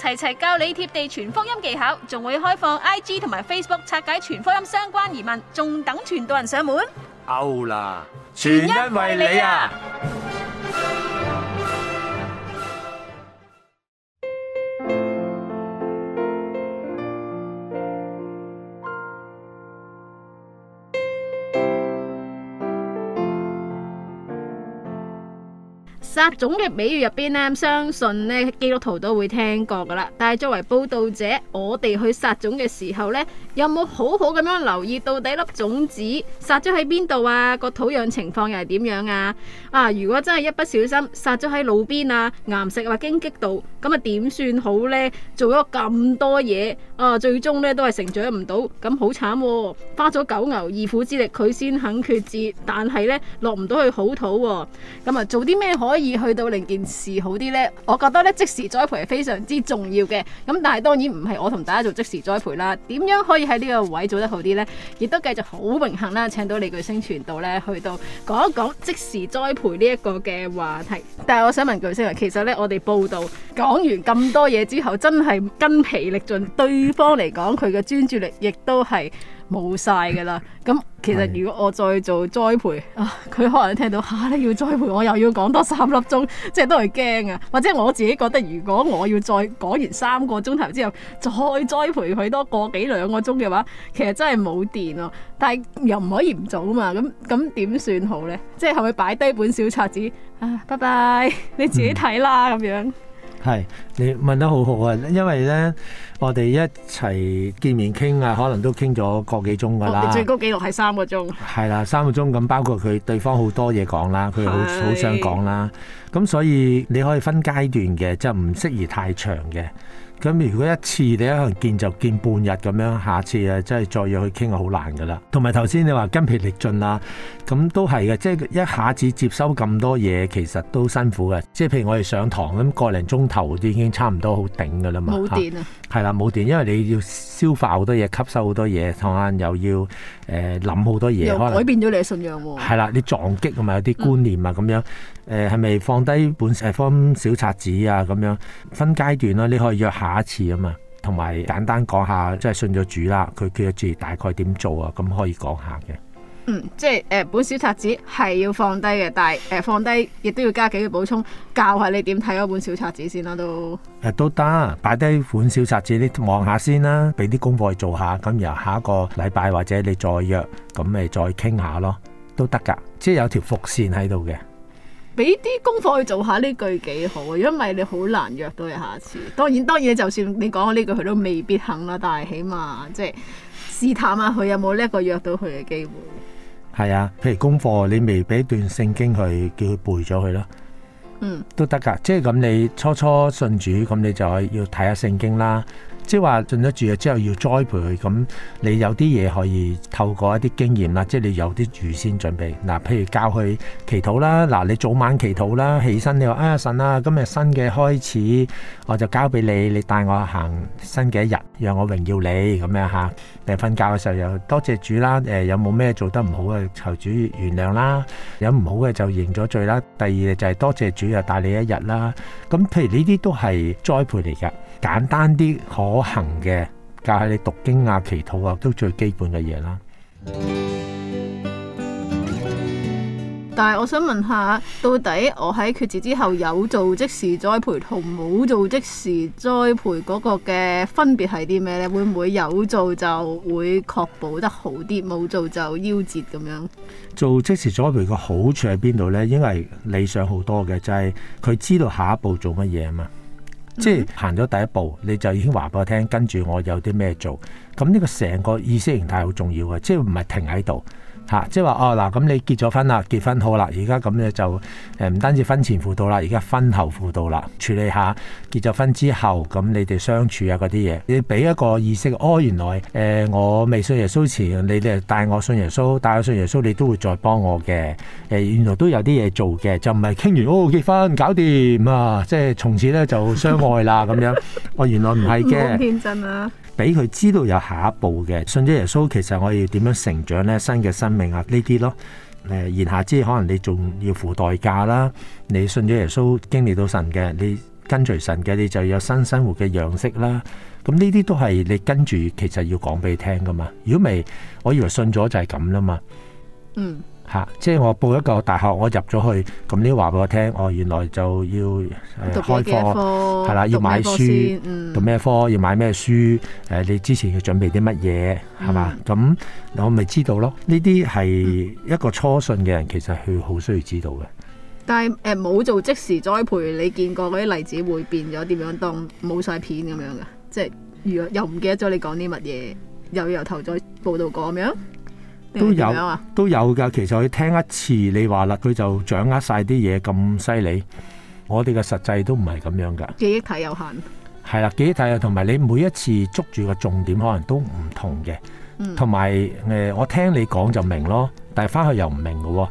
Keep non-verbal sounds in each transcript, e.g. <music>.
齊齊教你貼地傳福音技巧，仲會開放 I G 同埋 Facebook 拆解傳福音相關疑問，仲等傳道人上門。Out 啦，全因為你啊！撒種嘅比喻入邊咧，相信咧基督徒都會聽過噶啦。但係作為播道者，我哋去撒種嘅時候咧，有冇好好咁樣留意到底粒種子撒咗喺邊度啊？個土壤情況又係點樣啊？啊，如果真係一不小心撒咗喺路邊啊、岩石啊、荊棘度，咁啊點算好咧？做咗咁多嘢啊，最終咧都係成長唔到，咁好慘喎，花咗九牛二虎之力佢先肯決志，但係咧落唔到去好土喎。咁啊，做啲咩可以？而去到另一件事好啲呢。我覺得呢，即時栽培係非常之重要嘅。咁但係當然唔係我同大家做即時栽培啦。點樣可以喺呢個位做得好啲呢？亦都繼續好榮幸啦，請到李巨星傳到呢，去到講一講即時栽培呢一個嘅話題。但係我想問巨星啊，其實呢，我哋報道講完咁多嘢之後，真係筋疲力盡，對方嚟講佢嘅專注力亦都係。冇晒㗎喇，咁其實如果我再做栽培啊，佢可能聽到嚇你、啊、要栽培，我又要講多，多三粒鐘，即係都係驚啊。或者我自己覺得，如果我要再講完三個鐘頭之後再栽培佢多個幾兩個鐘嘅話，其實真係冇電囉。但係又唔可以唔做啊嘛。咁咁點算好呢？即係係咪擺低本小冊子啊？拜拜，你自己睇啦咁樣。嗯係，你問得好好啊！因為呢，我哋一齊見面傾啊，可能都傾咗個幾鐘噶啦。我、哦、你最高紀錄係三個鐘。係啦，三個鐘咁，包括佢對方好多嘢講啦，佢好好想講啦。咁所以你可以分階段嘅，即係唔適宜太長嘅。咁如果一次你一係見就見半日咁樣，下次啊真係再約去傾啊好難噶啦。同埋頭先你話筋疲力盡啊，咁都係嘅，即係一下子接收咁多嘢，其實都辛苦嘅。即係譬如我哋上堂咁、個零鐘頭已經差唔多好頂噶啦嘛。冇電啊！係啦，冇電，因為你要消化好多嘢，吸收好多嘢，同埋又要誒諗好多嘢。又改變咗你嘅信仰喎、哦。係啦，你撞擊同埋有啲觀念啊咁、嗯、樣。誒係咪放低本方小冊子啊咁樣？分階段啦、啊，你可以約下。打一次啊嘛，同埋簡單講下，即係信咗主啦，佢佢嘅字大概點做啊，咁可以講下嘅。嗯，即係誒、呃，本小冊子係要放低嘅，但係誒、呃、放低亦都要加幾個補充教下你點睇嗰本小冊子先啦、啊，都誒都得，擺低本小冊子你望下先啦、啊，俾啲功課做下，咁由下一個禮拜或者你再約，咁咪再傾下咯，都得噶，即係有條伏線喺度嘅。俾啲功課去做下呢句幾好啊！如果唔係你好難約到你下次。當然當然，就算你講咗呢句，佢都未必肯啦。但係起碼即係、就是、試探下佢有冇呢一個約到佢嘅機會。係啊，譬如功課，你未俾段聖經佢，叫佢背咗佢咯。嗯，都得噶。即係咁，你初初信主，咁你就要睇下聖經啦。即係話進咗住之後要栽培佢。咁你有啲嘢可以透過一啲經驗啦，即係你有啲預先準備。嗱，譬如教佢祈禱啦，嗱，你早晚祈禱啦，起身你話，哎呀神啊，今日新嘅開始，我就交俾你，你帶我行新嘅一日，讓我榮耀你咁樣吓。誒、啊，瞓覺嘅時候又多謝主啦，誒，有冇咩做得唔好嘅求主原諒啦，有唔好嘅就認咗罪啦。第二就係多謝主又帶你一日啦。咁譬如呢啲都係栽培嚟噶。簡單啲可行嘅，教下你讀經啊、祈禱啊，都最基本嘅嘢啦。但係我想問下，到底我喺決志之後有做即時栽培同冇做即時栽培嗰個嘅分別係啲咩呢？會唔會有做就會確保得好啲，冇做就夭折咁樣？做即時栽培嘅好處喺邊度呢？因為理想好多嘅，就係佢知道下一步做乜嘢啊嘛。即係行咗第一步，你就已經話俾我聽，跟住我有啲咩做。咁呢個成個意識形態好重要㗎，即係唔係停喺度。嚇、啊，即係話哦嗱，咁你結咗婚啦，結婚好啦，而家咁咧就誒唔單止婚前輔導啦，而家婚後輔導啦，處理下結咗婚之後咁你哋相處啊嗰啲嘢，你俾一個意識，哦原來誒、呃、我未信耶穌前，你哋帶我信耶穌，帶我信耶穌，你都會再幫我嘅，誒、呃、原來都有啲嘢做嘅，就唔係傾完哦結婚搞掂啊，即係從此咧就相愛啦咁樣， <laughs> 哦，原來唔係嘅。天真、啊俾佢知道有下一步嘅，信咗耶穌，其實我要點樣成長咧？新嘅生命啊，呢啲咯，誒，言下之意，可能你仲要付代價啦。你信咗耶穌，經歷到神嘅，你跟隨神嘅，你就有新生活嘅樣式啦。咁呢啲都係你跟住，其實要講俾你聽噶嘛。如果未，我以為信咗就係咁啦嘛。嗯。嚇、啊！即係我報一個大學，我入咗去，咁你話俾我聽，哦，原來就要、呃、讀什開課，係啦、啊，要買書，嗯、讀咩科，要買咩書，誒、呃，你之前要準備啲乜嘢，係嘛？咁、嗯、我咪知道咯。呢啲係一個初信嘅人，其實佢好需要知道嘅。嗯、但係誒，冇、呃、做即時栽培，你見過嗰啲例子會變咗點樣當？冇晒片咁樣嘅，即係如果又唔記得咗你講啲乜嘢，又要由頭再報道過咁樣？都有都有㗎，其實佢聽一次你話啦，佢就掌握晒啲嘢咁犀利。我哋嘅實際都唔係咁樣㗎，記憶體有限。係啦，記憶體啊，同埋你每一次捉住個重點，可能都唔同嘅。同埋誒，我聽你講就明咯，但係返去又唔明嘅喎。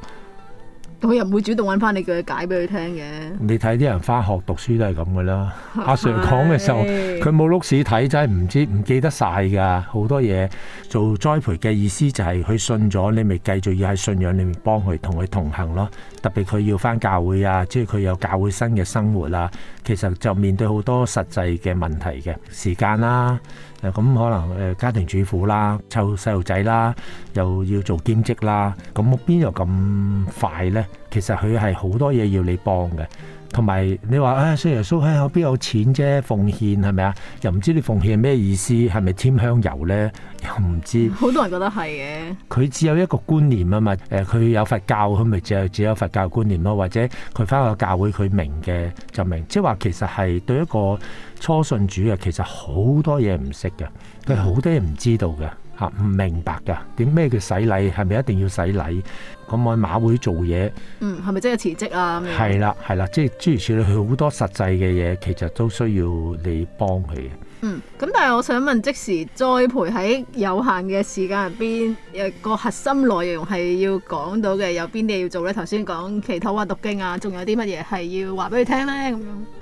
佢又唔會主動揾返你叫解俾佢聽嘅。你睇啲人返學讀書都係咁嘅啦。阿、 <laughs> 啊、Sir 講嘅時候，佢冇碌屎睇，真係唔知唔記得晒㗎。好多嘢做栽培嘅意思就係、是、佢信咗，你咪繼續要喺信仰裏面幫佢同佢同行咯。特別佢要返教會啊，即係佢有教會新嘅生活啊，其實就面對好多實際嘅問題嘅時間啦。誒咁、啊、可能誒、呃、家庭主婦啦，湊細路仔啦，又要做兼職啦，咁邊又咁快呢？其實佢係好多嘢要你幫嘅。同埋你話啊，信、哎、耶穌喺邊、哎、有錢啫，奉獻係咪啊？又唔知你奉獻係咩意思，係咪添香油咧？又唔知。好多人覺得係嘅。佢只有一個觀念啊嘛，誒、呃，佢有佛教，佢咪就只有，只有佛教觀念咯，或者佢翻去個教會佢明嘅就明，即係話其實係對一個初信主嘅，其實好多嘢唔識嘅，佢好多嘢唔知道嘅。嚇唔明白㗎？點咩叫洗禮，係咪一定要洗禮？咁我喺馬會做嘢，嗯，係咪真係辭職啊？係啦，係啦，即係諸如此類好多實際嘅嘢，其實都需要你幫佢嘅。嗯，咁但係我想問，即時栽培喺有限嘅時間入邊，誒個核心內容係要講到嘅有邊啲要做咧？頭先講祈禱啊、讀經啊，仲有啲乜嘢係要話俾佢聽咧？咁樣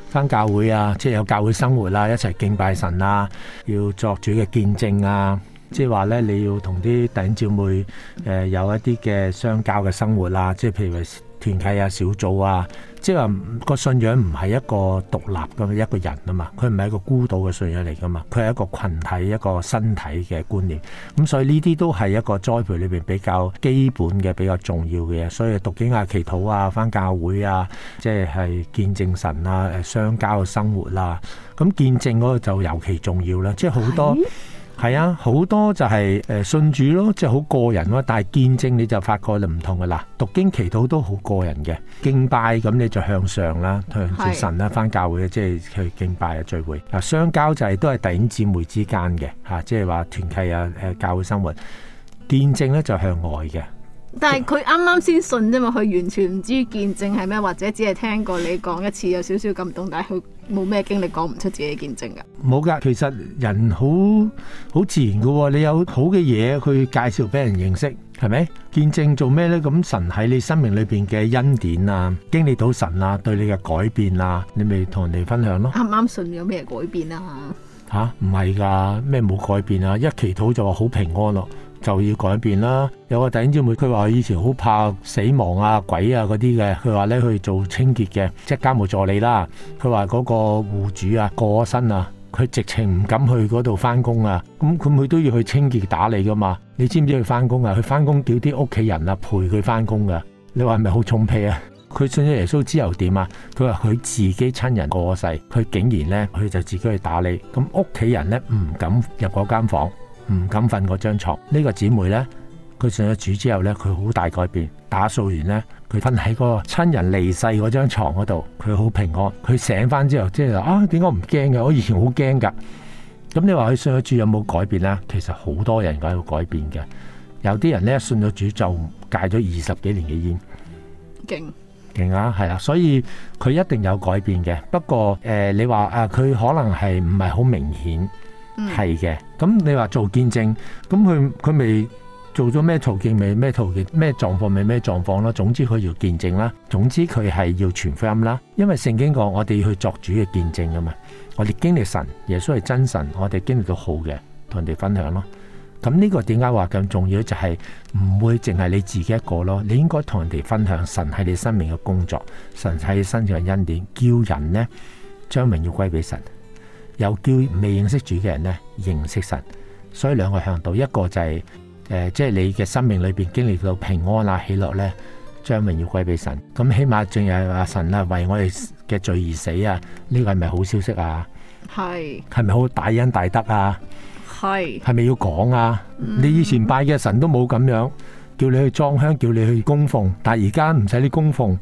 翻教會啊，即係有教會生活啦，一齊敬拜神啊，要作主嘅見證啊。即係話咧，你要同啲弟兄姊妹誒有一啲嘅相交嘅生活啦，即係譬如為團契啊、小組啊，即係話個信仰唔係一個獨立咁嘅一個人啊嘛，佢唔係一個孤島嘅信仰嚟噶嘛，佢係一個群體、一個身體嘅觀念。咁所以呢啲都係一個栽培裏邊比較基本嘅、比較重要嘅嘢。所以讀經啊、祈禱啊、翻教會啊，即係見證神啊、相交嘅生活啦。咁見證嗰個就尤其重要啦。即係好多。係啊，好多就係誒信主咯，即係好個人喎。但係見證你就發覺就唔同嘅啦。讀經祈禱都好個人嘅，敬拜咁你就向上啦，向住神啦，返是教會即係去敬拜啊、聚會。嗱，相交就係、是、都係弟兄姊妹之間嘅嚇、啊，即係話團契啊、誒教會生活。見證呢就向外嘅。但係佢啱啱先信啫嘛，佢完全唔知見證係咩，或者只係聽過你講一次有少少感動，但係佢冇咩經歷，講唔出自己見證噶。冇噶，其實人好好自然噶，哦，你有好嘅嘢，去介紹俾人認識，係咪見證做咩咧？咁神喺你生命裏邊嘅恩典啊，經歷到神啊，對你嘅改變啊，你咪同人哋分享咯。啱啱信有咩改變啊？吓唔係噶咩冇改變啊？一祈禱就話好平安咯，啊。就要改變啦！有個弟兄姊妹，佢話：以前好怕死亡啊、鬼啊嗰啲嘅。佢話呢，去做清潔嘅，即係家務助理啦。佢話嗰個戶主啊過咗身啊，佢直情唔敢去嗰度翻工啊。咁佢佢都要去清潔打理噶嘛？你知唔知佢翻工啊？佢翻工叫啲屋企人啊陪佢翻工噶。你話係咪好重屁啊？佢信咗耶穌之後點啊？佢話佢自己親人過咗世，佢竟然呢，佢就自己去打理。咁屋企人呢，唔敢入嗰間房間。唔敢瞓嗰張牀，呢個姐妹呢，佢信咗主之後呢，佢好大改變。打掃完呢，佢瞓喺嗰個親人離世嗰張牀嗰度，佢好平安。佢醒翻之後，即係、啊，點解唔驚嘅？我以前好驚㗎。咁你話佢信咗主有冇改變呢？其實好多人嘅改變嘅，有啲人呢，信咗主就戒咗二十幾年嘅煙，勁勁害啊，係啦。所以佢一定有改變嘅。不過誒，你話啊，佢可能係唔係好明顯係嘅？嗯咁你話做見證，咁佢佢未做咗咩途徑未咩途徑咩狀況未咩狀況啦？總之佢要見證啦，總之佢係要傳福音啦。因為聖經講我哋去作主嘅見證嘅嘛，我哋經歷神，耶穌係真神，我哋經歷到好嘅，同人哋分享咯。咁呢個點解話咁重要？就係、是、唔會淨係你自己一個咯，你應該同人哋分享神係你生命嘅工作，神喺身上恩典，叫人呢將名要歸俾神。又叫未認識主嘅人呢，認識神，所以兩個向度，一個就係誒，即係你嘅生命裏邊經歷到平安啊、喜樂呢，將榮耀歸俾神。咁起碼仲有阿神啊，為我哋嘅罪而死啊，呢個係咪好消息啊？係係咪好大恩大德啊？係係咪要講啊？你以前拜嘅神都冇咁樣叫你去裝香，叫你去供奉，但係而家唔使你供奉。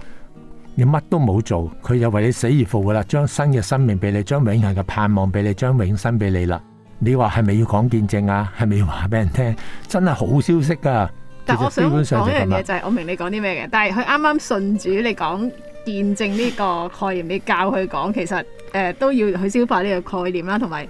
你乜都冇做，佢就為你死而復活啦！將新嘅生命俾你，將永恆嘅盼望俾你，將永生俾你啦！你話係咪要講見證啊？係咪要話俾人聽？真係好消息㗎、啊！但我想講一樣嘢就係，我明你講啲咩嘅。但係佢啱啱信主，你講見證呢個概念，你教佢講，其實誒、呃、都要去消化呢個概念啦，同埋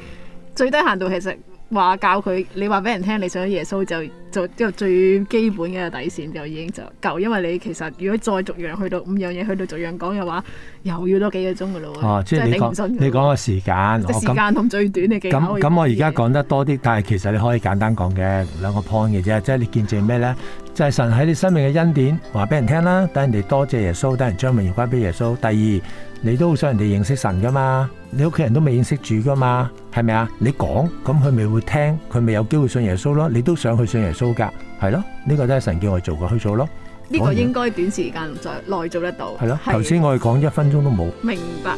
最低限度其實。話教佢，你話俾人聽，你想耶穌就就即最基本嘅底線就已經就夠，因為你其實如果再逐樣去到五樣嘢，去到逐樣講嘅話，又要多幾個鐘噶啦，即係你講個時間，即係時間同最短你幾？咁咁我而家講得多啲，但係其實你可以簡單講嘅兩個 point 嘅啫，即係你見證咩咧？呃嗯就係神喺你生命嘅恩典，話俾人聽啦，等人哋多謝耶穌，等人將榮耀歸俾耶穌。第二，你都好想人哋認識神噶嘛？你屋企人都未認識住噶嘛？係咪啊？你講，咁佢咪會聽，佢咪有機會信耶穌咯？你都想去信耶穌噶，係咯？呢、呢個都係神叫我做嘅，去做咯。呢個應該短時間在內做得到。係咯，頭先我哋講一分鐘都冇。明白。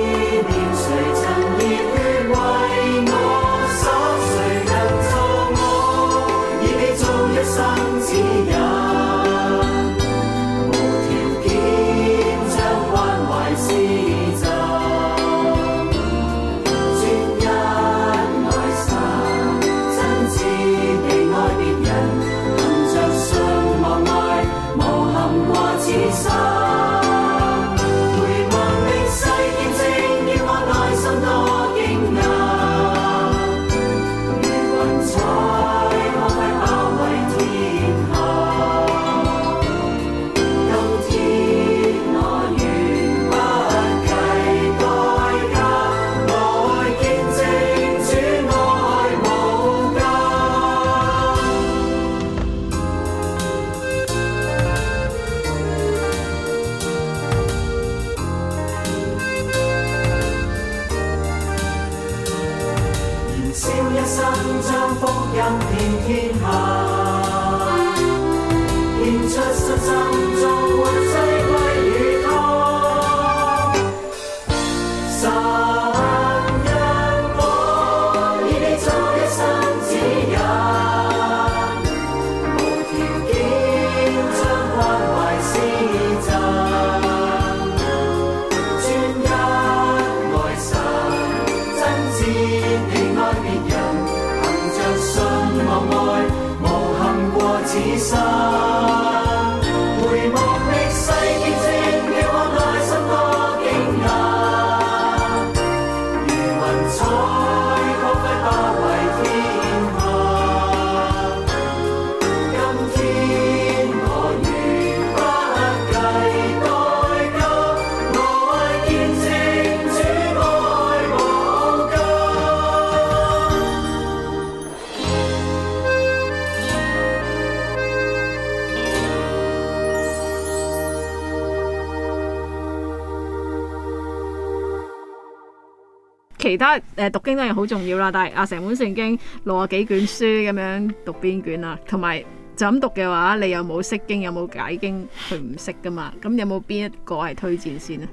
誒讀經都係好重要啦，但係啊，成本聖經六十幾卷書咁樣讀邊卷啊？同埋就咁讀嘅話，你有冇識經，有冇解經？佢唔識噶嘛？咁有冇邊一個係推薦先咧？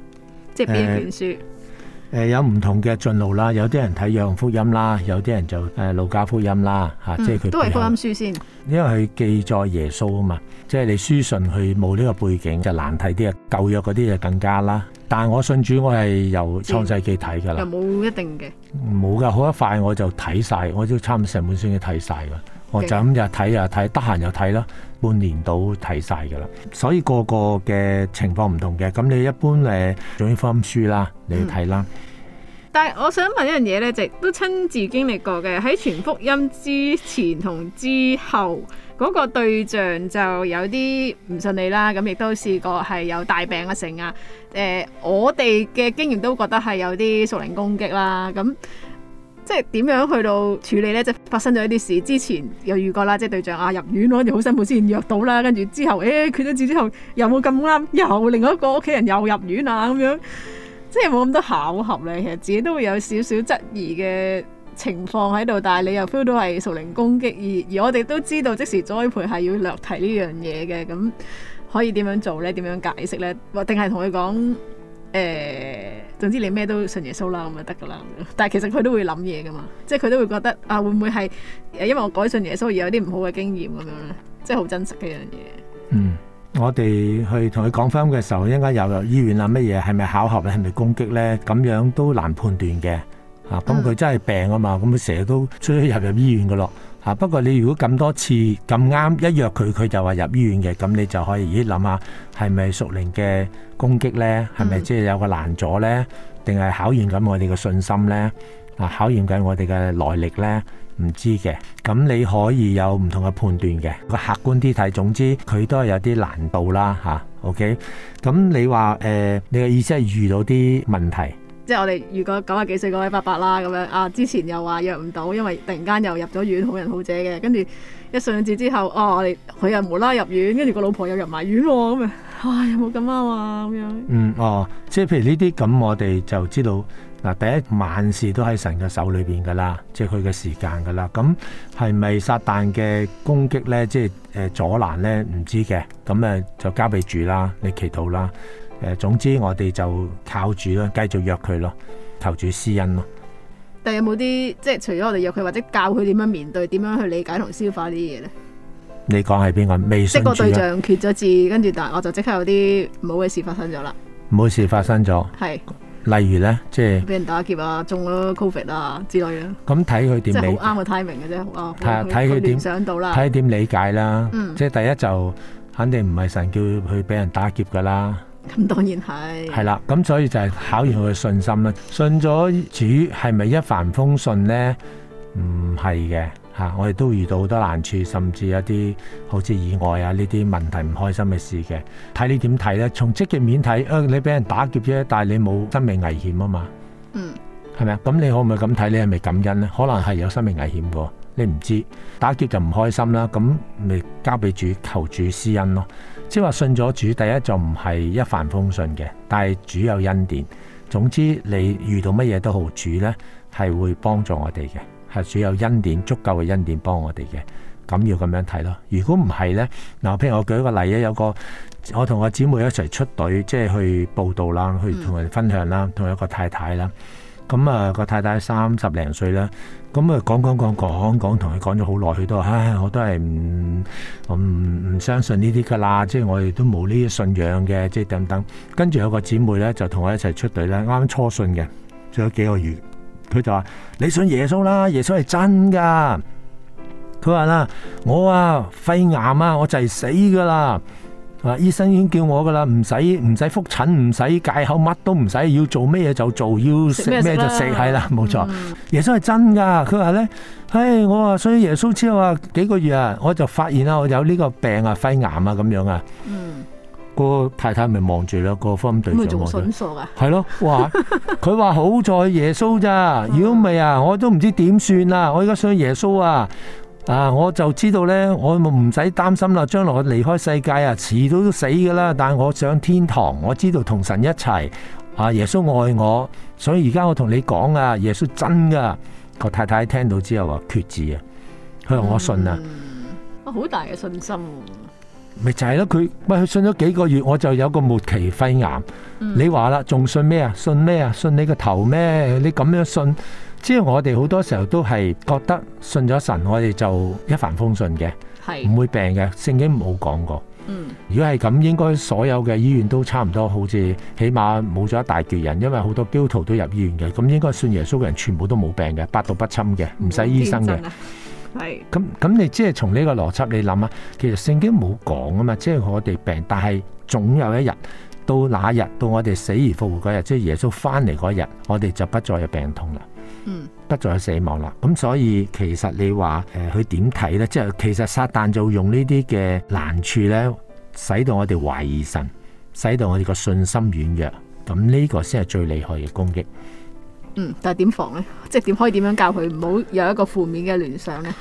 即係邊一卷書？呃誒、呃，有唔同嘅進路啦，有啲人睇《羊福音》啦，有啲人就誒、呃《路加福音》啦，吓、啊嗯、即係佢都係福音書先，因為佢記載耶穌啊嘛，即係你書信去冇呢個背景就難睇啲啊，舊約嗰啲就更加啦。但係我信主，我係由創世記睇噶啦，又冇一定嘅，冇噶，好一快，我就睇晒，我都差唔多成本書先要睇晒噶，我就咁就睇日睇，得閒又睇啦。半年到睇晒㗎啦，所以個個嘅情況唔同嘅，咁你一般誒仲要科書啦，你要睇啦。但係我想問一樣嘢呢，就係、都親自經歷過嘅，喺傳福音之前同之後嗰、嗰個對象就有啲唔順利啦，咁亦都試過係有大病啊、成啊，誒，我哋嘅經驗都覺得係有啲屬靈攻擊啦，咁。即係點樣去到處理呢？即係發生咗一啲事之前，有預過啦。即係對象啊入院，我就好辛苦先約到啦。跟住之後，誒、欸、決咗戰之後，又冇咁啱，又另一個屋企人又入院啊咁樣，即係冇咁多巧合咧。其實自己都會有少少質疑嘅情況喺度，但係你又 feel 到係屬靈攻擊而。而而我哋都知道即時栽培係要略提呢樣嘢嘅，咁可以點樣做呢？點樣解釋呢？或定係同佢講誒？欸總之你咩都信耶穌啦，咁就得噶啦。但係其實佢都會諗嘢噶嘛，即係佢都會覺得啊，會唔會係因為我改信耶穌而有啲唔好嘅經驗咁樣咧？即係好真惜真實嘅一樣嘢。嗯，我哋去同佢講返嘅時候，應該又入醫院諗乜嘢？係咪巧合咧？係咪攻擊咧？咁樣都難判斷嘅。嚇、啊，咁、嗯、佢、啊嗯、真係病啊嘛，咁佢成日都出入入醫院嘅咯。啊！不過你如果咁多次咁啱一約佢，佢就話入醫院嘅，咁你就可以咦諗下係咪屬靈嘅攻擊呢？係咪即係有個攔阻呢？定係考驗緊我哋嘅信心呢？啊，考驗緊我哋嘅耐力呢？唔知嘅，咁你可以有唔同嘅判斷嘅，個客觀啲睇。總之佢都係有啲難度啦吓、啊、OK，咁你話誒、呃，你嘅意思係遇到啲問題？即係我哋，如果九廿幾歲嗰位伯伯啦，咁樣啊，之前又話約唔到，因為突然間又入咗院好人好者嘅，跟住一上節之後，哦，我哋佢又無啦入院，跟住個老婆又入埋院咁樣，唉，有冇咁啱啊？咁樣，嗯哦，即係譬如呢啲咁，我哋就知道嗱，第一萬事都喺神嘅手裏邊噶啦，即係佢嘅時間噶啦，咁係咪撒旦嘅攻擊咧？即係誒阻攔咧？唔知嘅，咁誒就交俾主啦，你祈禱啦。誒，總之我哋就靠住咯，繼續約佢咯，求主私恩咯。但係有冇啲即係除咗我哋約佢，或者教佢點樣面對、點樣去理解同消化啲嘢咧？你講係邊個未？識個對象缺咗字，跟住但我就即刻有啲唔好嘅事發生咗啦。唔好事發生咗，係是例如咧，即係俾人打劫啊，中咗 Covid 啊之類嘅。咁睇佢點即係好啱嘅 timing 嘅啫。哇的，睇睇佢點想到啦，睇點理解啦。嗯，即係第一就肯定唔係神叫佢俾人打劫噶啦。咁當然係係啦，咁所以就係考驗佢嘅信心啦。信咗主係咪一帆風順呢？唔係嘅嚇，我哋都遇到好多難處，甚至一啲好似意外啊呢啲問題、唔開心嘅事嘅。睇你點睇呢？從積極面睇，誒、啊、你俾人打劫啫，但係你冇生命危險啊嘛。嗯，係咪啊？咁你可唔可以咁睇？你係咪感恩呢？可能係有生命危險喎，你唔知打劫就唔開心啦。咁咪交俾主，求主施恩咯。即係話信咗主，第一就唔係一帆風順嘅，但係主有恩典。總之你遇到乜嘢都好，主呢係會幫助我哋嘅，係主有恩典，足夠嘅恩典幫我哋嘅。咁要咁樣睇咯。如果唔係呢，嗱，譬如我舉一個例啊，有個我同我姊妹一齊出隊，即係去報道啦，去同人分享啦，同一個太太啦。咁啊個太太三十零歲啦，咁啊講講講講講，同佢講咗好耐，佢都話，唉，我都係唔唔唔相信呢啲噶啦，即係我哋都冇呢啲信仰嘅，即係等等。跟住有個姊妹咧就同我一齊出隊啦，啱啱初信嘅，仲有幾個月，佢就話，你信耶穌啦，耶穌係真噶。佢話啦，我啊肺癌啊，我就嚟死噶啦。啊！醫生已經叫我噶啦，唔使唔使覆診，唔使戒口，乜都唔使，要做咩嘢就做，要食咩就食，係啦，冇錯。嗯、耶穌係真噶，佢話咧，唉、哎，我話所以耶穌之後啊幾個月啊，我就發現啦，我有呢個病啊，肺癌啊咁樣啊。嗯。個太太咪望住啦，個方對象望住。咪做蠢係咯。哇！佢話好在耶穌咋， <laughs> 如果唔係啊，我都唔知點算啊！我而家想耶穌啊！啊！Uh, 我就知道呢，我唔使擔心啦。將來我離開世界啊，遲早都死噶啦。但係我上天堂，我知道同神一齊。啊！耶穌愛我，所以而家我同你講啊，耶穌真噶。個太太聽到之後話：決志啊！佢話我信啊，哇、嗯！好大嘅信心，啊。咪就係咯，佢喂，佢信咗幾個月，我就有個末期肺癌。嗯、你話啦，仲信咩啊？信咩啊？信你個頭咩？你咁樣信？即係我哋好多時候都係覺得信咗神，我哋就一帆風順嘅，係唔是會病嘅。聖經冇講過。嗯，如果係咁，應該所有嘅醫院都差唔多，好似起碼冇咗一大截人，因為好多基督徒都入醫院嘅。咁、嗯、應該信耶穌嘅人全部都冇病嘅，百毒不侵嘅，唔使醫生嘅。係咁咁，你即係從呢個邏輯你諗下啊？其實聖經冇講啊嘛，即係我哋病，但係總有一日到那日到我哋死而復活嗰日，即係耶穌翻嚟嗰日，我哋就不再有病痛啦。不再有死亡啦，咁所以其實你話誒，佢點睇呢？即係其實撒旦就用呢啲嘅難處呢，使到我哋懷疑神，使到我哋個信心軟弱，咁呢個先係最厲害嘅攻擊。嗯，但係點防呢？即係點可以點樣教佢唔好有一個負面嘅聯想呢？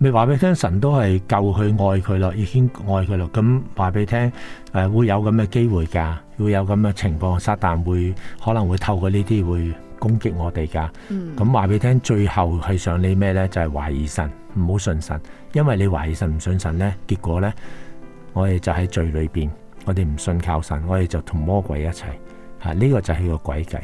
你話俾聽，神都係救佢、愛佢啦，已經愛佢啦。咁話俾聽，誒會有咁嘅機會噶，會有咁嘅情況，撒旦會可能會透過呢啲會。攻擊我哋噶，咁話俾你聽，最後係想你咩呢？就係、是、懷疑神，唔好信神，因為你懷疑神唔信神呢。結果呢，我哋就喺罪裏邊，我哋唔信靠神，我哋就同魔鬼一齊，吓、啊、呢、這個就係個詭計，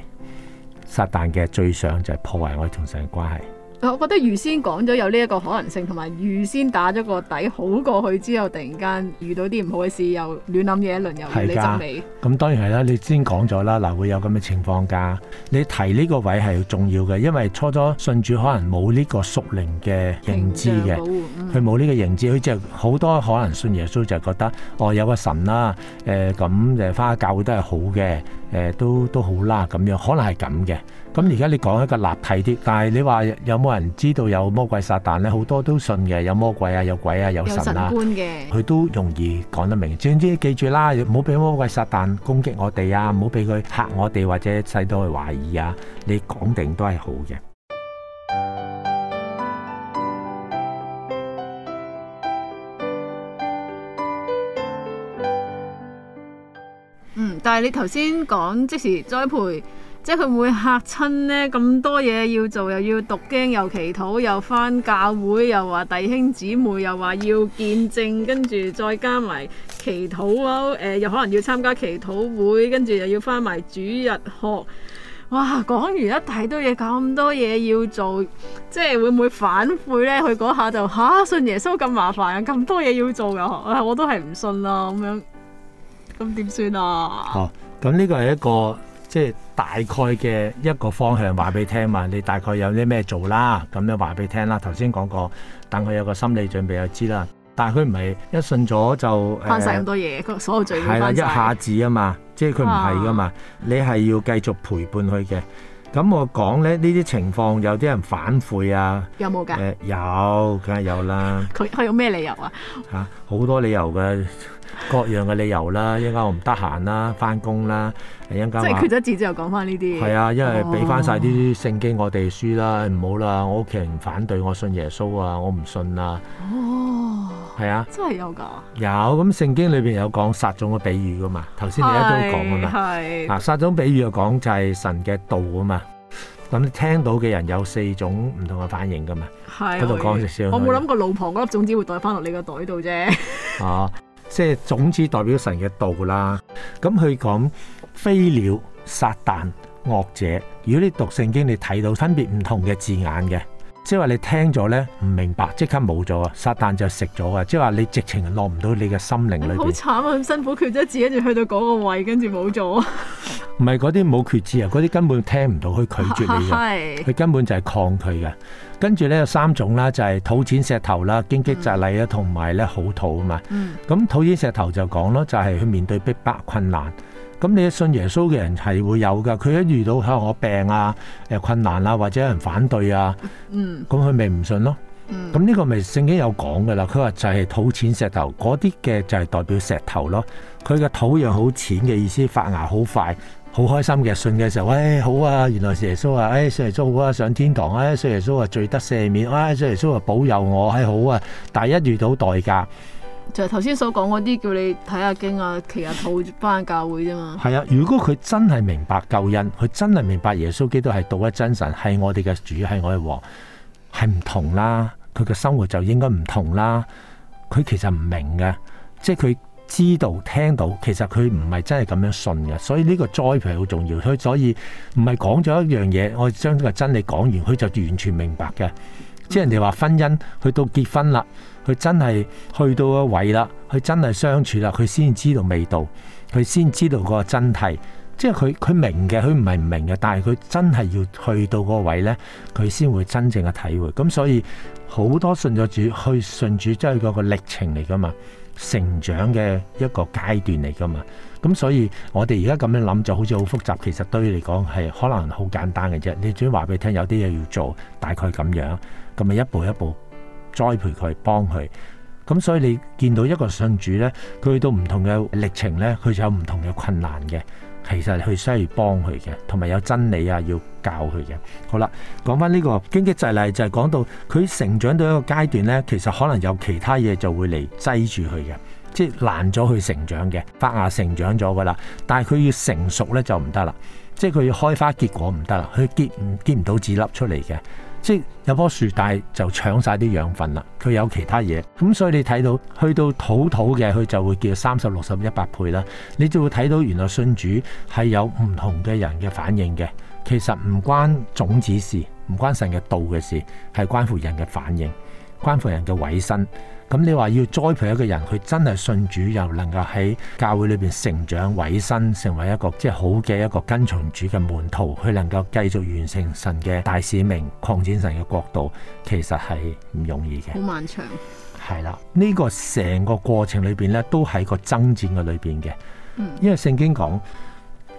撒旦嘅最想就係破壞我哋同神嘅關係。我覺得預先講咗有呢一個可能性，同埋預先打咗個底好過去之後，突然間遇到啲唔好嘅事，又亂諗嘢一輪，又會你。咁當然係啦，你先講咗啦，嗱會有咁嘅情況㗎。你提呢個位係重要嘅，因為初初信主可能冇呢個屬靈嘅認知嘅，佢冇呢個認知，佢就好多可能信耶穌就覺得哦有個神啦、啊，誒咁誒返教會都係好嘅，誒、呃、都都好啦、啊、咁樣，可能係咁嘅。咁而家你講一個立體啲，但係你話有冇人知道有魔鬼撒旦咧？好多都信嘅，有魔鬼啊，有鬼啊，有神啊。有神嘅。佢都容易講得明。總之記住啦，唔好俾魔鬼撒旦攻擊我哋啊！唔好俾佢嚇我哋或者使到去懷疑啊！你講定都係好嘅。嗯，但係你頭先講即時栽培。即係佢唔會嚇親呢，咁多嘢要做，又要讀經，又祈禱，又翻教會，又話弟兄姊妹，又話要見證，跟住再加埋祈禱，誒、呃，又可能要參加祈禱會，跟住又要翻埋主日學。哇！講完一大堆嘢咁多嘢要做，即係會唔會反悔呢？佢嗰下就吓、啊、信耶穌咁麻煩、啊，咁多嘢要做噶、啊，我都係唔信啦。咁樣咁點算啊？啊哦，咁呢個係一個。即係大概嘅一個方向話俾你聽嘛，你大概有啲咩做啦，咁樣話俾你聽啦。頭先講過，等佢有個心理準備就知啦。但係佢唔係一信咗就誒，翻晒咁多嘢，個、呃、所有罪翻晒，一下子啊嘛，即係佢唔係噶嘛，哇你係要繼續陪伴佢嘅。咁、嗯、我講咧，呢啲情況有啲人反悔啊，有冇㗎？誒、呃、有，梗係有啦。佢佢 <laughs> 有咩理由啊？嚇、啊，好多理由嘅。各樣嘅理由啦，一陣間我唔得閒啦，翻工啦，一陣間即係缺咗字之後講翻呢啲。係啊，因為俾翻曬啲聖經我哋書啦，唔好啦，我屋企人反對我信耶穌啊，我唔信啊。哦，係啊，真係有噶。有，咁聖經裏邊有講撒種嘅比喻噶嘛？頭先你一都講啊嘛？係啊，撒種比喻就講就係神嘅道啊嘛。咁聽到嘅人有四種唔同嘅反應噶嘛？係啊的，喺度講住先。我冇諗過路旁嗰粒種子會袋翻落你個袋度啫。啊。 <laughs> <laughs> 即係種子代表神嘅道啦，咁佢講飛鳥、撒旦、惡者，如果你讀聖經，你睇到分別唔同嘅字眼嘅，即係話你聽咗呢，唔明白，即刻冇咗啊！撒旦就食咗、哎、啊！即係話你直情落唔到你嘅心靈裏邊。好慘啊！咁辛苦，缺咗字，跟住去到嗰個位，跟住冇咗。 <laughs> 唔係嗰啲冇決志啊，嗰啲根本聽唔到佢拒絕你嘅，佢根本就係抗拒嘅。跟住呢，有三種啦，就係、是、土淺石頭啦、荊棘窒嚟啊，同埋咧好土啊嘛。咁、嗯、土淺石頭就講咯，就係、是、去面對逼迫困難。咁你一信耶穌嘅人係會有噶，佢一遇到佢話我病啊、誒困難啊或者有人反對啊，咁佢咪唔信咯。咁呢、嗯、個咪聖經有講噶啦，佢話就係土淺石頭嗰啲嘅就係代表石頭咯，佢嘅土壤好淺嘅意思，發芽好快。好開心嘅信嘅時候，喂、哎，好啊，原來耶穌啊，哎，係耶穌好啊，上天堂啊，哎，係耶穌啊最得赦免，哎，係耶穌啊保佑我，哎好啊，但一遇到代價，就係頭先所講嗰啲叫你睇下經啊，祈下禱翻教會啫嘛。係啊，如果佢真係明白救恩，佢真係明白耶穌基督係獨一真神，係我哋嘅主，係我哋王，係唔同啦，佢嘅生活就應該唔同啦。佢其實唔明嘅，即係佢。知道聽到，其實佢唔係真係咁樣信嘅，所以呢個栽培好重要。佢所以唔係講咗一樣嘢，我將個真理講完，佢就完全明白嘅。即係人哋話婚姻，佢到結婚啦，佢真係去到個位啦，佢真係相處啦，佢先知道味道，佢先知道個真諦。即係佢佢明嘅，佢唔係唔明嘅，但係佢真係要去到嗰個位呢，佢先會真正嘅體會。咁所以好多信咗主去信主，即係個個歷程嚟噶嘛。成長嘅一個階段嚟噶嘛，咁所以我哋而家咁樣諗就好似好複雜，其實對於嚟講係可能好簡單嘅啫。你主要話俾佢聽有啲嘢要做，大概咁樣，咁咪一步一步栽培佢，幫佢。咁所以你見到一個信主呢，佢去到唔同嘅歷程呢，佢就有唔同嘅困難嘅。其實佢需要幫佢嘅，同埋有真理啊要教佢嘅。好啦，講返呢個荊棘制例，就係講到佢成長到一個階段呢，其實可能有其他嘢就會嚟擠住佢嘅，即係難咗佢成長嘅。發芽成長咗噶啦，但係佢要成熟呢，就唔得啦，即係佢要開花結果唔得啦，佢結結唔到子粒出嚟嘅。即有棵樹帶，但就搶晒啲養分啦。佢有其他嘢，咁所以你睇到去到土土嘅，佢就會叫三十六十一百倍啦。你就會睇到原來信主係有唔同嘅人嘅反應嘅。其實唔關種子事，唔關神嘅道嘅事，係關乎人嘅反應，關乎人嘅委身。咁你話要栽培一個人，佢真係信主又能夠喺教會裏邊成長、委身成為一個即係好嘅一個跟從主嘅門徒，佢能夠繼續完成神嘅大使命、擴展神嘅國度，其實係唔容易嘅。好漫長。係啦，呢、這個成個過程裏邊呢，都喺個爭戰嘅裏邊嘅。因為聖經講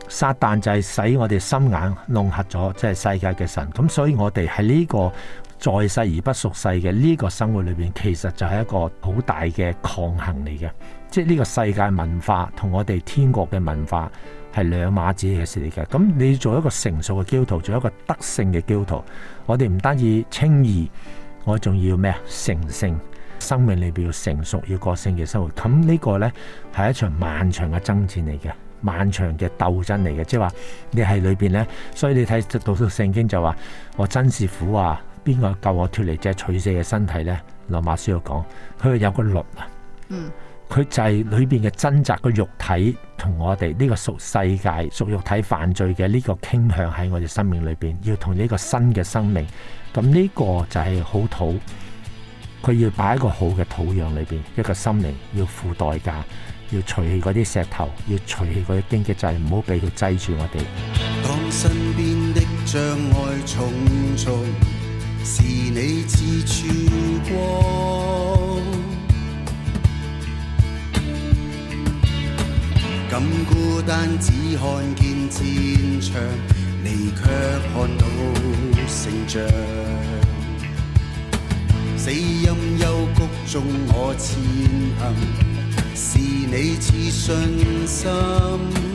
撒旦就係使我哋心眼融合咗，即、就、係、是、世界嘅神。咁所以我哋喺呢個。在世而不屬世嘅呢、這個生活裏邊，其實就係一個好大嘅抗衡嚟嘅。即係呢個世界文化同我哋天國嘅文化係兩碼子嘅事嚟嘅。咁、嗯、你做一個成熟嘅基督徒，做一個得勝嘅基督徒，我哋唔單止稱義，我仲要咩啊？成聖，生命裏邊要成熟，要個性嘅生活。咁、嗯、呢、這個呢，係一場漫長嘅爭戰嚟嘅，漫長嘅鬥爭嚟嘅。即係話你係裏邊呢，所以你睇到聖經就話我真是苦啊！邊個救我脫離只取死嘅身體呢？羅馬書又講，佢有個律啊，佢、嗯、就係裏邊嘅掙扎，個肉體同我哋呢、這個屬世界屬肉體犯罪嘅呢個傾向喺我哋生命裏邊，要同呢個新嘅生命。咁呢個就係好土，佢要擺一個好嘅土壤裏邊，一個心靈要付代價，要除去嗰啲石頭，要除去嗰啲荊棘，就係唔好俾佢擠住我哋。當身邊的障礙重重。是你賜曙光，感孤單只看見戰場，你却看到勝仗。死蔭幽谷中我前行，是你賜信心。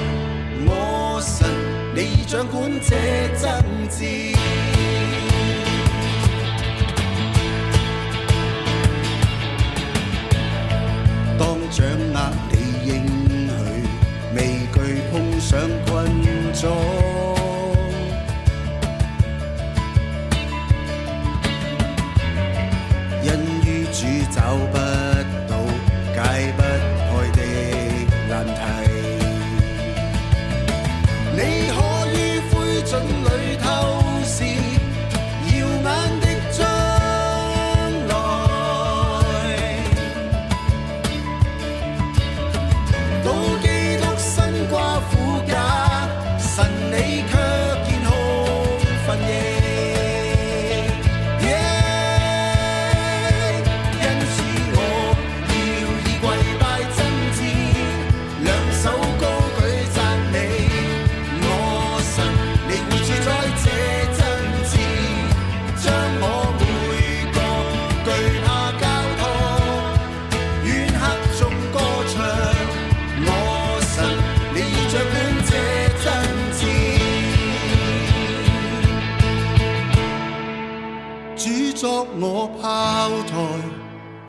你掌管這爭戰。 <noise>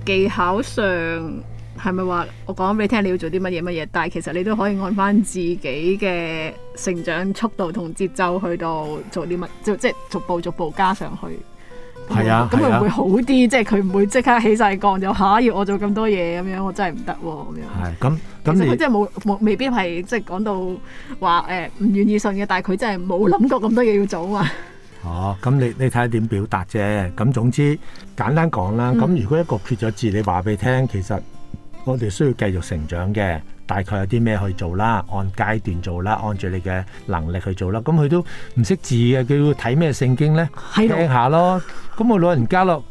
技巧上係咪話我講俾你聽你要做啲乜嘢乜嘢？但係其實你都可以按翻自己嘅成長速度同節奏去到做啲乜，就即係逐步逐步加上去。係啊，咁會唔會好啲？即係佢唔會即刻起晒槓，就下、啊。要我做咁多嘢，咁樣我真係唔得喎。咁樣係咁咁，佢、啊、真係冇冇未必係即係講到話誒唔願意信嘅，但係佢真係冇諗過咁多嘢要做啊嘛。 <laughs> 哦，咁你你睇下點表達啫，咁總之簡單講啦。咁如果一個缺咗字，你話俾你聽，其實我哋需要繼續成長嘅，大概有啲咩去做啦，按階段做啦，按住你嘅能力去做啦。咁佢都唔識字嘅，佢要睇咩聖經呢？聽下咯。咁我老人家咯。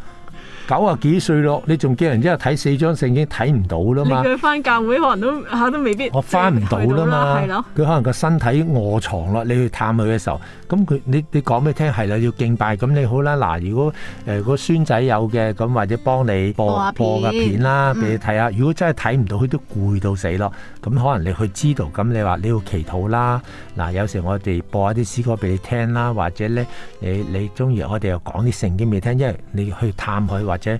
九啊幾歲咯？你仲驚人？之後睇四張聖經睇唔到啦嘛！佢去返教會，可能都嚇都未必。我返唔到啦嘛，佢可能個身體卧床啦。你去探佢嘅時候，咁佢你你講俾佢聽，係啦，要敬拜。咁你好啦，嗱，如果誒個孫仔有嘅，咁或者幫你播播嘅片啦，俾你睇下。如果真係睇唔到，佢都攰到死咯。咁可能你去知道，咁你話你要祈禱啦。嗱，有時我哋播一啲詩歌俾你聽啦，或者咧，你你中意，我哋又講啲聖經俾你聽，因為你去探佢或或者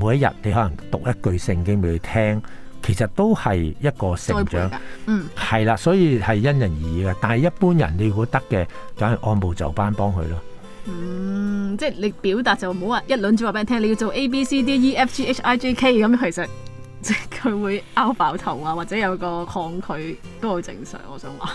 每一日你可能讀一句聖經俾佢聽，其實都係一個成長。嗯，係啦，所以係因人而異嘅。但係一般人你如果得嘅，梗係按部就班幫佢咯。嗯，即係你表達就唔好話一輪嘴話俾佢聽，你要做 A B C D E F G H I J K 咁，其實佢會拗爆頭啊，或者有個抗拒都好正常。我想話。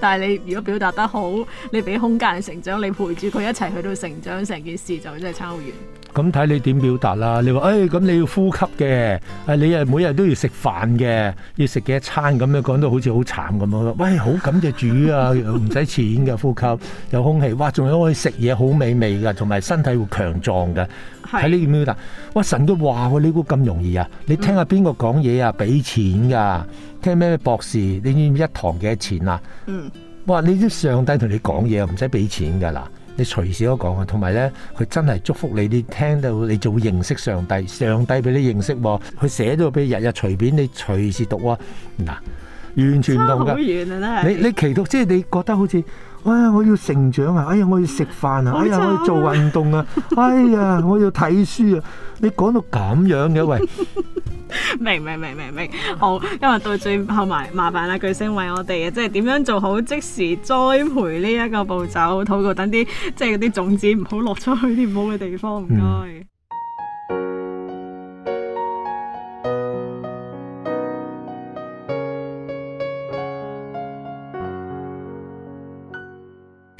但係你如果表達得好，你俾空間成長，你陪住佢一齊去到成長，成件事就真係差好遠。咁睇你點表達啦。你話誒，咁、哎、你要呼吸嘅，啊、哎、你啊每日都要食飯嘅，要食幾餐咁樣，講到好似好慘咁樣。喂、哎，好感謝主啊，唔使錢嘅呼吸有空氣，哇，仲有可以食嘢好美味㗎，同埋身體會強壯㗎。睇呢段咩？嗱，哇！神都話喎，你估咁容易啊！你聽下邊個講嘢啊？俾錢噶？聽咩博士？你知一堂幾多錢啊？嗯，哇！你啲上帝同你講嘢啊，唔使俾錢噶喇，你隨時都講啊。同埋咧，佢真係祝福你，你聽到你就會認識上帝。上帝俾你認識喎、啊，佢寫咗俾，日日隨便你隨時讀喎、啊、嗱。完全唔同噶，好遠啊，真係你你祈禱即係你覺得好似哎呀我要成長啊，哎呀我要食飯啊，哎呀我要做運動啊，哎呀我要睇書啊，你講到咁樣嘅，喂，明明明明明好，因為到最後埋麻煩啦，巨星為我哋即係點樣做好即時栽培呢一個步驟，禱告等啲即係嗰啲種子唔好落咗去啲唔好嘅地方，唔該。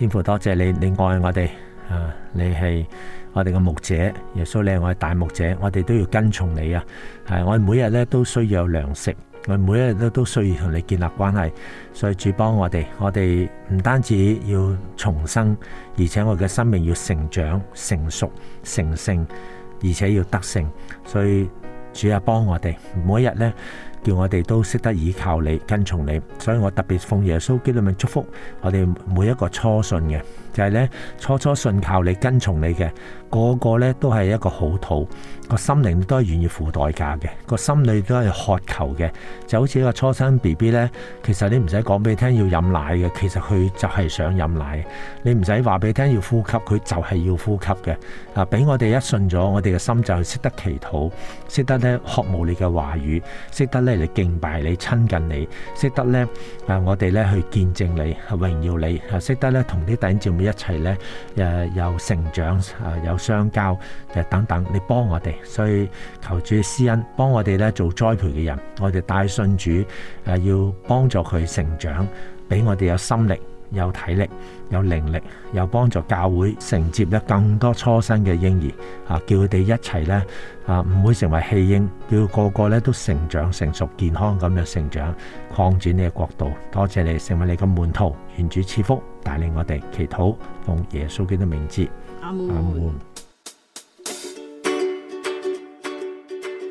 天父多謝你，你愛我哋啊！你係我哋嘅牧者，耶穌你係我哋大牧者，我哋都要跟從你啊！係我每日咧都需要有糧食，我每一日都都需要同你建立關係，所以主幫我哋，我哋唔單止要重生，而且我嘅生命要成長、成熟、成聖，而且要得勝，所以主啊，幫我哋，每一日咧。叫我哋都識得依靠你，跟從你，所以我特別奉耶穌基督名祝福我哋每一個初信嘅。就係咧，初初信靠你、跟從你嘅個個咧，都係一個好土，個心靈都係願意付代價嘅，個心裏都係渴求嘅。就好似一個初生 B B 咧，其實你唔使講俾佢聽要飲奶嘅，其實佢就係想飲奶。你唔使話俾佢聽要呼吸，佢就係要呼吸嘅。啊，俾我哋一信咗，我哋嘅心就係識得祈禱，識得咧渴慕你嘅話語，識得咧嚟敬拜你、親近你，識得咧啊，我哋咧去見證你、榮耀你，啊，識得咧同啲弟照。一齊咧，誒、呃，有成長啊，有、呃、相交誒、呃，等等，你幫我哋，所以求主施恩，幫我哋咧做栽培嘅人，我哋帶信主誒、呃，要幫助佢成長，俾我哋有心力。有體力、有能力，又幫助教會承接咧更多初生嘅嬰兒啊，叫佢哋一齊咧啊，唔會成為棄嬰，叫個個咧都成長成熟健康咁樣成長，擴展你嘅國度。多謝你成為你嘅門徒，願主賜福帶領我哋祈禱，奉耶穌基督的名字。阿門們。阿門。